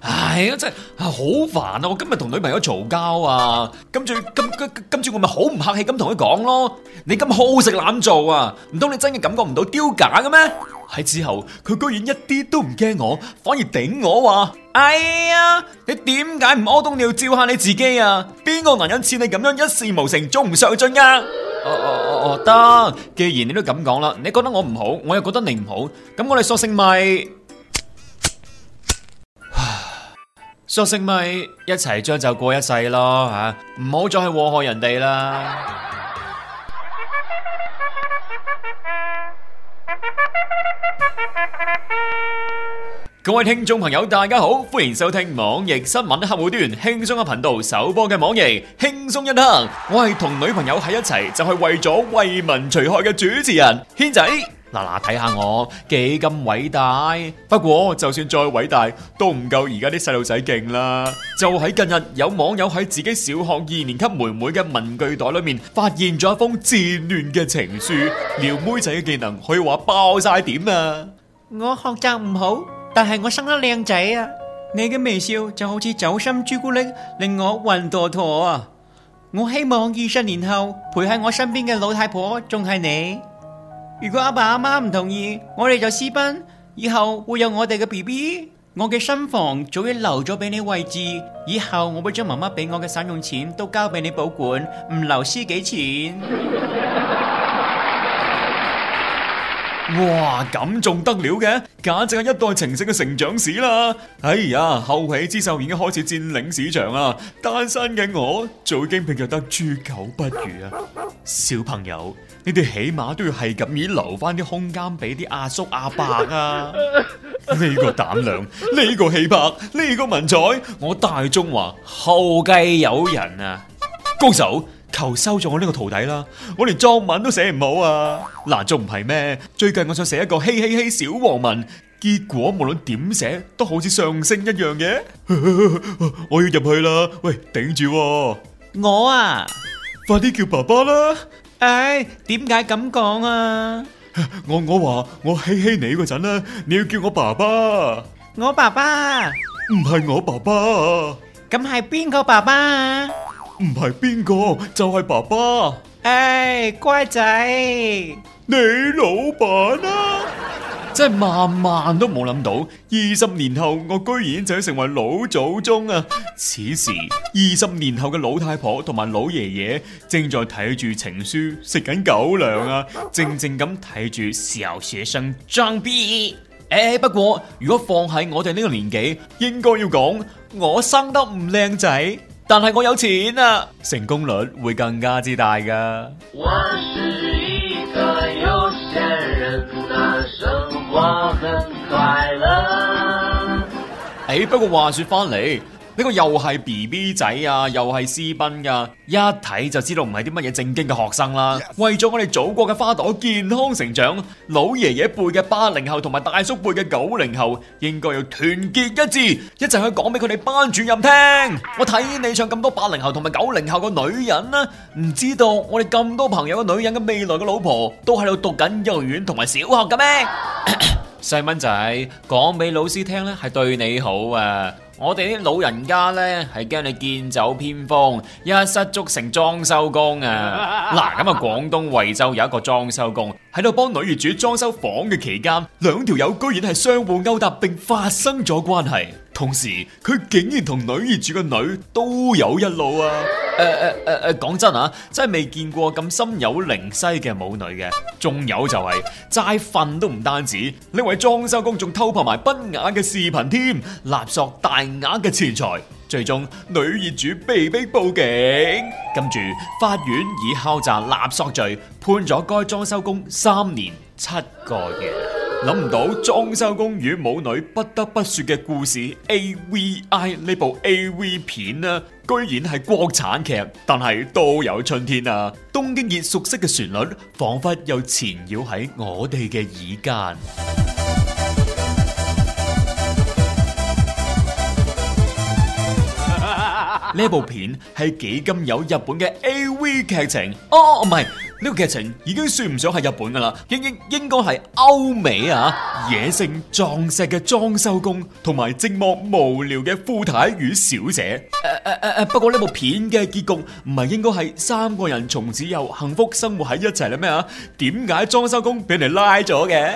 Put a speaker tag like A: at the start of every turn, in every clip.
A: 唉啊、哎，真係、哎、好煩啊！我今日同女朋友嘈交啊，今次今今次跟住跟跟住我咪好唔客氣咁同佢講咯。你咁好食懶做啊？唔通你真係感覺唔到丟架嘅咩？喺、哎、之後佢居然一啲都唔驚我，反而頂我話：哎呀，你點解唔屙東尿照下你自己啊？邊個男人似你咁樣一事無成，仲唔上進啊？哦哦哦哦得、啊！既然你都咁講啦，你覺得我唔好，我又覺得你唔好，咁我哋索性咪、就是。索性咪一齊將就過一世咯吓，唔好再去禍害人哋啦！各位聽眾朋友，大家好，歡迎收聽網易新聞客戶端輕鬆一頻道首播嘅網易輕鬆一刻，我係同女朋友喺一齊就係為咗為民除害嘅主持人軒仔。嗱嗱睇下我幾咁偉大， 不過就算再偉大，都唔夠而家啲細路仔勁啦！就喺近日，有網友喺自己小學二年級妹妹嘅文具袋裏面發現咗一封自戀嘅情書，撩妹仔嘅技能可以話爆晒點啊！我學習唔好，但係我生得靚仔啊！你嘅微笑就好似酒心朱古力，令我暈坨坨啊！我希望二十年後陪喺我身邊嘅老太婆仲係你。如果阿爸阿媽唔同意，我哋就私奔，以後會有我哋嘅 B B。我嘅新房早已留咗俾你位置，以後我會將媽媽俾我嘅省用錢都交俾你保管，唔留私己錢。 哇，咁仲得了嘅，簡直係一代情聖嘅成長史啦！哎呀，後起之秀已經開始佔領市場啦，單身嘅我早已經變得豬狗不如啊！ 小朋友。你哋起碼都要係咁意留翻啲空間俾啲阿叔阿伯啊！
B: 呢個
A: 膽量，呢個氣魄，呢個文采，我大中華後繼有人啊！高手，求收咗我呢個徒弟啦！我連作文都寫唔好啊！嗱，仲唔係咩？最近我想寫一個嘿嘿嘿小黃文，結果無論點寫都好似上升一樣嘅。 我要入去啦！喂，頂住喎，啊！我啊，快啲叫爸爸啦！唉，點解咁講啊？我我話我希希你嗰陣啦，你要叫我爸爸，我爸爸唔係我爸爸啊，咁係邊個爸爸啊？唔係邊個就係爸爸。唉、就係哎，乖仔，你老闆啊？真係萬萬都冇諗到，二十年後我居然就成為老祖宗啊！此時二十年後嘅老太婆同埋老爺爺正在睇住情書，食緊狗糧啊！靜靜咁睇住小學生裝逼。誒、欸，不過如果放喺我哋呢個年紀，應該要講我生得唔靚仔，但係我有錢啊！成功率會更加之大噶。不過話說翻嚟，呢個又係 BB 仔啊，又係私奔噶，一睇就知道唔係啲乜嘢正經嘅學生啦。Yes. 為咗我哋祖國嘅花朵健康成長，老爺爺輩嘅八零後同埋大叔輩嘅九零後應該要團結一致，一齊去講俾佢哋班主任聽。我睇你唱咁多八零後同埋九零後嘅女人啦、啊，唔知道我哋咁多朋友嘅女人嘅未來嘅老婆，都喺度讀緊幼兒園同埋小學嘅咩？ 細蚊仔講俾老師聽咧，係對你好啊！我哋啲老人家咧，係驚你劍走偏鋒，一失足成裝修工啊！嗱，咁啊，廣東惠州有一個裝修工喺度幫女業主裝修房嘅期間，兩條友居然係相互勾搭並發生咗關係。同時，佢竟然同女業主嘅女都有一路啊！誒誒誒誒，講真啊，真係未見過咁心有靈犀嘅母女嘅。仲有就係齋瞓都唔單止，呢位裝修工仲偷拍埋不雅嘅視頻添，勒索大額嘅錢財，最終女業主被逼報警。跟住法院以敲詐勒索罪判咗該裝修工三年七個月。諗唔到裝修公寓母女不得不說嘅故事 A V I 呢部 A V 片呢、啊，居然係國產劇，但係都有春天啊！東京熱熟悉嘅旋律，仿佛又纏繞喺我哋嘅耳間。呢部片係幾咁有日本嘅 AV 劇情哦，唔係呢個劇情已經算唔上係日本噶啦，應應應該係歐美啊，野性壯碩嘅裝修工同埋寂寞無聊嘅富太與小姐。誒誒誒誒，不過呢部片嘅結局唔係應該係三個人從此又幸福生活喺一齊啦咩啊？點解裝修工俾人拉咗嘅？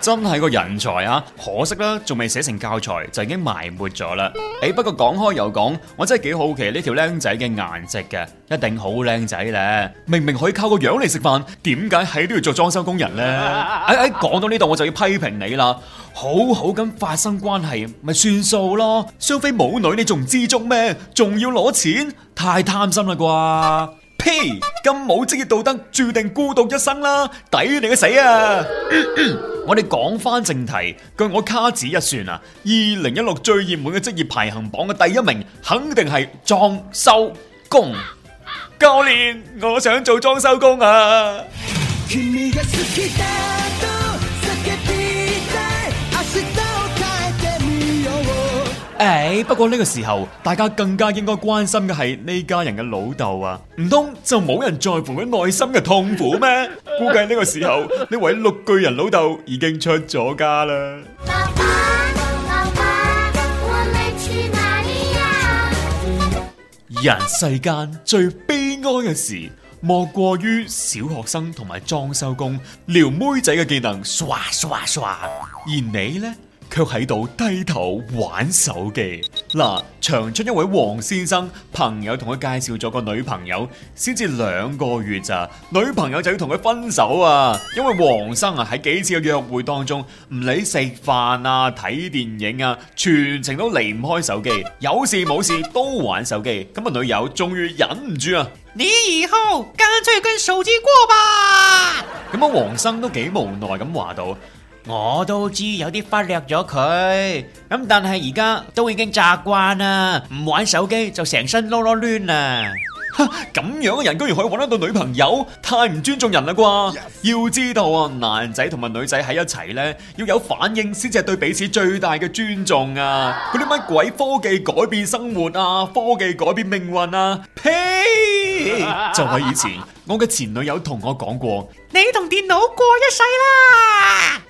A: 真係個人才啊！可惜啦，仲未寫成教材就已經埋沒咗啦。誒、欸，不過講開又講，我真係幾好奇呢條靚仔嘅顏值嘅，一定好靚仔咧。明明可以靠個樣嚟食飯，點解喺呢度都要做裝修工人咧？誒、欸、誒，講、欸、到呢度我就要批評你啦，好好咁發生關係咪算數咯。雙飛母女你仲唔知足咩？仲要攞錢，太貪心啦啩！呸！咁冇職業道德，注定孤獨一生啦！抵你個死啊！嗯嗯、我哋講返正題，據我掐指一算啊，二零一六最熱門嘅職業排行榜嘅第一名，肯定係裝修工。教練，我想做裝修工啊！誒、哎，不過呢個時候，大家更加應該關心嘅係呢家人嘅老豆啊！唔通就冇人在乎佢內心嘅痛苦咩？ 估計呢個時候，呢位綠巨人老豆已經出咗家啦。爸爸，
B: 爸爸，我們去哪裏呀、啊？
A: 人世間最悲哀嘅事，莫過於小學生同埋裝修工撩妹仔嘅技能刷刷刷，而你呢？卻喺度低頭玩手機。嗱、啊，長春一位王先生朋友同佢介紹咗個女朋友，先至兩個月咋，女朋友就要同佢分手啊！因為王生啊喺幾次嘅約會當中，唔理食飯啊、睇電影啊，全程都離唔開手機，有事冇事都玩手機。咁啊，女友終於忍唔住啊！你以後乾脆跟手機過吧。咁啊，王生都幾無奈咁話到。我都知有啲忽略咗佢，咁但係而家都已經習慣啦，唔玩手機就成身囉囉攣啦。哈！咁樣嘅人居然可以搵得到女朋友，太唔尊重人啦啩？Yes. 要知道啊，男仔同埋女仔喺一齊呢，要有反應先至係對彼此最大嘅尊重啊！嗰啲乜鬼科技改變生活啊，科技改變命運啊？屁！ 就喺以前，我嘅前女友同我講過：你同電腦過一世啦！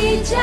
B: 誒、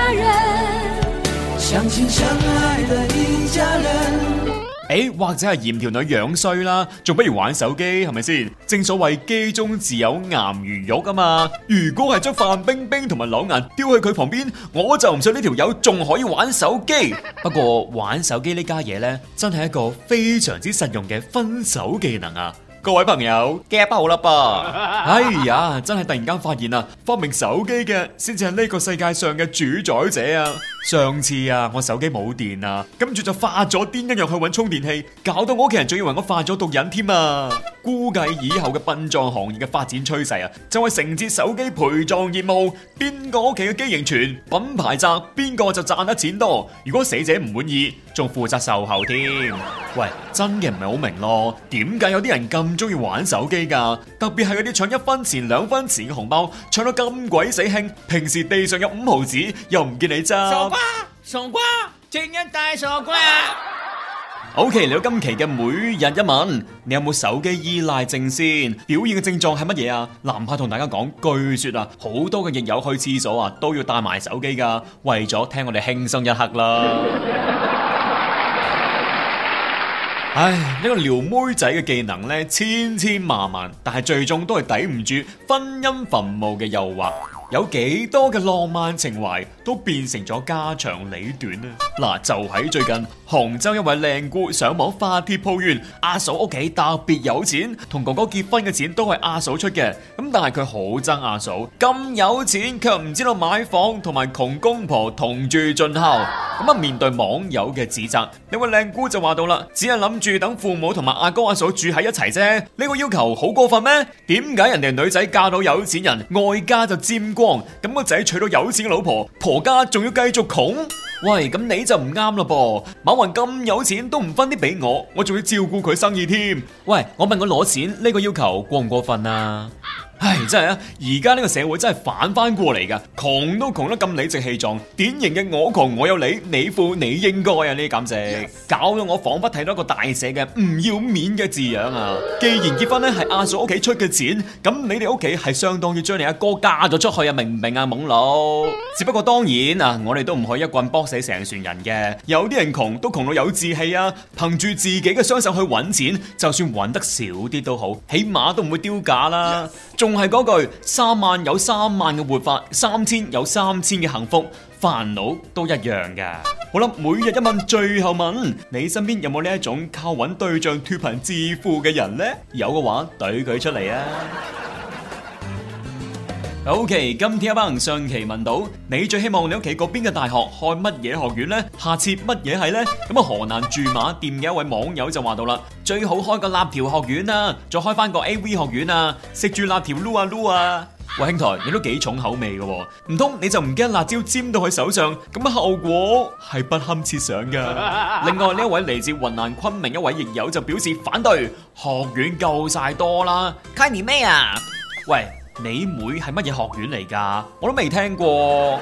B: 哎，
A: 或者係嫌條女樣衰啦，仲不如玩手機係咪先？正所謂機中自有顏如玉啊嘛！如果係將范冰冰同埋柳岩丟去佢旁邊，我就唔信呢條友仲可以玩手機。不過玩手機呢家嘢呢，真係一個非常之實用嘅分手技能啊！各位朋友，get 唔好啦噃！哎呀，真係突然間發現啊，發明手機嘅先至係呢個世界上嘅主宰者啊！上次啊，我手機冇電啊，跟住就發咗癲，咁樣去揾充電器，搞到我屋企人仲以為我發咗毒癮添啊！估計以後嘅殯葬行業嘅發展趨勢啊，就係承接手機陪葬業務，邊個屋企嘅機型全，品牌雜，邊個就賺得錢多。如果死者唔滿意，仲負責售後添。喂，真嘅唔係好明咯，點解有啲人咁中意玩手機噶？特別係嗰啲搶一分錢、兩分錢嘅紅包，搶到咁鬼死興，平時地上有五毫子又唔見你揸。傻瓜，傻瓜，正一大
B: 傻瓜。
A: OK，嚟到今期嘅每日一問，你有冇手機依賴症先？表現嘅症狀係乜嘢啊？南怕同大家講，據說啊，好多嘅亦友去廁所啊都要帶埋手機噶，為咗聽我哋輕鬆一刻啦。 唉，呢個撩妹仔嘅技能呢，千千萬萬，但係最終都係抵唔住婚姻墳墓嘅誘惑。有幾多嘅浪漫情懷都變成咗家長裏短呢？嗱、啊，就喺最近，杭州一位靚姑上網發帖抱怨，阿嫂屋企特別有錢，同哥哥結婚嘅錢都係阿嫂出嘅。咁但係佢好憎阿嫂，咁有錢卻唔知道買房同埋窮公婆同住盡孝。咁啊，面對網友嘅指責，呢位靚姑就話到啦，只係諗住等父母同埋阿哥阿嫂住喺一齊啫，呢、呢個要求好過分咩？點解人哋女仔嫁到有錢人，外家就佔光咁個仔娶到有錢嘅老婆，婆家仲要繼續窮？喂，咁你就唔啱啦噃。馬雲咁有錢都唔分啲俾我，我仲要照顧佢生意添。喂，我問佢攞錢呢個要求過唔過分啊？唉，真係啊！而家呢個社會真係反翻過嚟噶，窮都窮得咁理直氣壯，典型嘅我窮我有理，你富你應該啊！呢啲感性搞到我仿佛睇到一個大寫嘅唔要面嘅字樣啊！既然結婚咧係阿嫂屋企出嘅錢，咁你哋屋企係相當於將你阿哥嫁咗出去啊？明唔明啊，懵佬？只不過當然啊，我哋都唔可以一棍打死成船人嘅，有啲人窮都窮到有志氣啊，憑住自己嘅雙手去揾錢，就算揾得少啲都好，起碼都唔會丟架啦。Yes. 仲係嗰句，三萬有三萬嘅活法，三千有三千嘅幸福，煩惱都一樣㗎。好啦，每日一問，最後問，你身邊有冇呢一種靠揾對象脫貧致富嘅人呢？有嘅話對，懟佢出嚟啊！O.K.，今天一班，上期問到你最希望你屋企嗰邊嘅大學開乜嘢學院咧下設乜嘢系咧？咁啊，河南駐馬店嘅一位網友就話到啦，最好開個辣條學院啊，再開翻個 A.V. 學院啊，食住辣條擼啊擼啊！喂，兄台，你都幾重口味嘅喎？唔通你就唔驚辣椒沾到佢手上？咁嘅後果係不堪設想噶。另外呢一位嚟自雲南昆明一位友就表示反對，學院夠晒多啦，開你咩啊？喂！你妹係乜嘢學院嚟㗎？我都未聽過。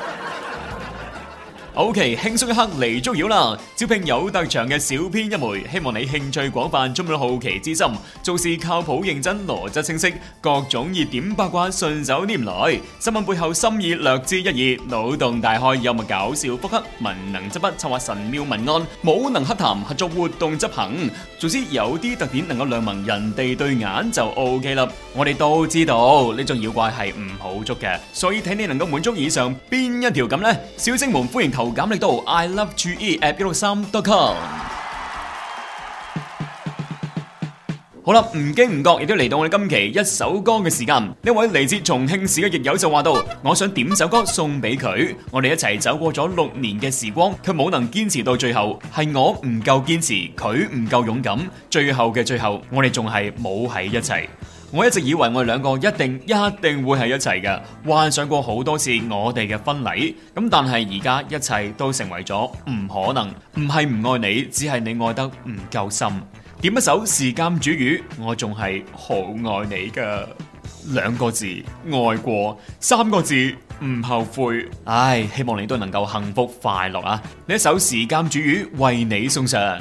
A: O.K. 輕鬆一刻嚟捉妖啦！招聘有特長嘅小編一枚，希望你興趣廣泛，充滿好奇之心，做事靠譜認真，邏輯清晰，各種熱點八卦順手拈來，新聞背後心意略知一二，腦洞大開，幽默搞笑，腹黑文能執筆策劃神妙文案，武能洽談合作活動執行，總之有啲特點能夠亮明人哋對眼就 O.K. 啦！我哋都知道呢種妖怪係唔好捉嘅，所以睇你能夠滿足以上邊一條咁呢，小精們歡迎投。減力度，I Love To Eat 一六三 .com。好啦，唔經唔覺亦都嚟到我哋今期一首歌嘅時間。呢位嚟自重慶市嘅亦友就話道：我想點首歌送俾佢。我哋一齊走過咗六年嘅時光，佢冇能堅持到最後，係我唔夠堅持，佢唔夠勇敢，最後嘅最後，我哋仲係冇喺一齊。我一直以為我哋兩個一定一定會係一齊嘅，幻想過好多次我哋嘅婚禮，咁但係而家一切都成為咗唔可能，唔係唔愛你，只係你愛得唔夠深。點一首《時間煮雨》，我仲係好愛你噶。兩個字愛過，三個字唔後悔。唉，希望你都能夠幸福快樂啊！呢一首《時間煮雨》為你送上。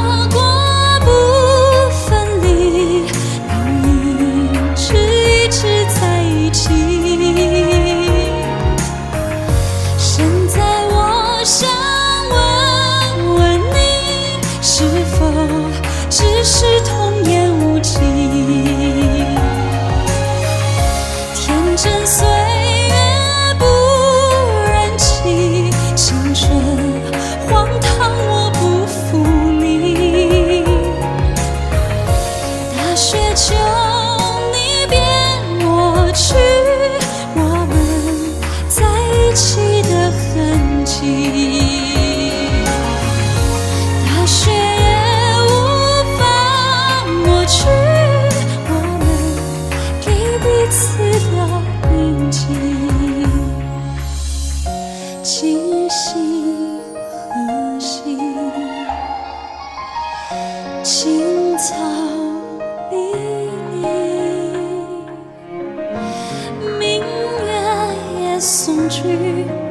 A: 去。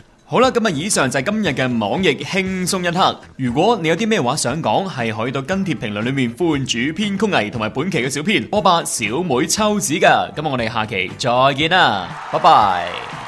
A: 好啦，咁啊，以上就係今日嘅網易輕鬆一刻。如果你有啲咩話想講，係可以到跟帖評論裏面闋主編曲藝同埋本期嘅小編波霸小妹秋子噶。咁我哋下期再見啦，拜
B: 拜。